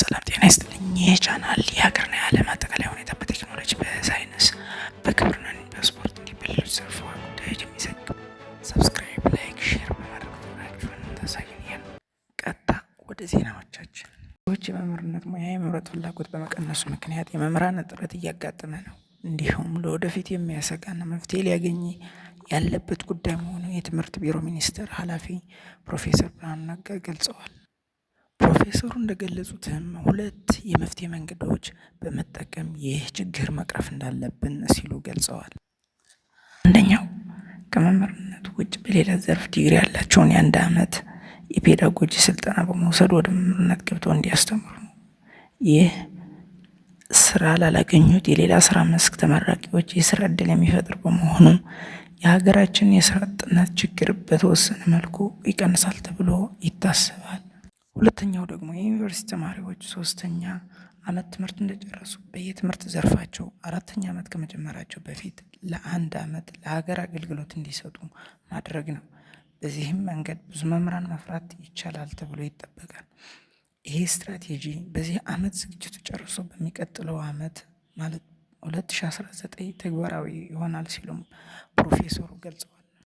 ሰላም ጤና ይስጥልኝ። ይህ ቻናል የሀገርና የዓለም አጠቃላይ ሁኔታ በቴክኖሎጂ፣ በሳይንስ፣ በግብርና፣ በስፖርት እንዲሁም በሌሎች ዘርፈ ጉዳዮች የሚዘግብ ሰብስክራይብ፣ ላይክ፣ ሼር በማድረግ ፍቅራችሁን ታሳዩኛል። ቀጥታ ወደ ዜናዎቻችን። ሰዎች የመምህርነት ሙያ የመምረጥ ፍላጎት በመቀነሱ ምክንያት የመምህራን እጥረት እያጋጠመ ነው። እንዲሁም ለወደፊት የሚያሰጋና መፍትሄ ሊያገኝ ያለበት ጉዳይ መሆኑ የትምህርት ቢሮ ሚኒስትር ኃላፊ ፕሮፌሰር ብርሃኑ ነጋ ገልጸዋል። ፕሮፌሰሩ እንደገለጹትም ሁለት የመፍትሄ መንገዶች በመጠቀም ይህ ችግር መቅረፍ እንዳለብን ሲሉ ገልጸዋል። አንደኛው ከመምህርነት ውጭ በሌላ ዘርፍ ዲግሪ ያላቸውን የአንድ ዓመት የፔዳጎጂ ስልጠና በመውሰድ ወደ መምህርነት ገብተው እንዲያስተምሩ ነው። ይህ ስራ ላላገኙት የሌላ ስራ መስክ ተመራቂዎች የስራ እድል የሚፈጥር በመሆኑ የሀገራችን የስራ አጥነት ችግር በተወሰነ መልኩ ይቀንሳል ተብሎ ይታሰባል። ሁለተኛው ደግሞ የዩኒቨርሲቲ ተማሪዎች ሶስተኛ ዓመት ትምህርት እንደጨረሱ በየትምህርት ዘርፋቸው አራተኛ ዓመት ከመጀመራቸው በፊት ለአንድ ዓመት ለሀገር አገልግሎት እንዲሰጡ ማድረግ ነው። በዚህም መንገድ ብዙ መምህራን መፍራት ይቻላል ተብሎ ይጠበቃል። ይሄ ስትራቴጂ በዚህ ዓመት ዝግጅቱ ጨርሶ በሚቀጥለው ዓመት ማለት 2019 ተግባራዊ ይሆናል ሲሉም ፕሮፌሰሩ ገልጸዋል።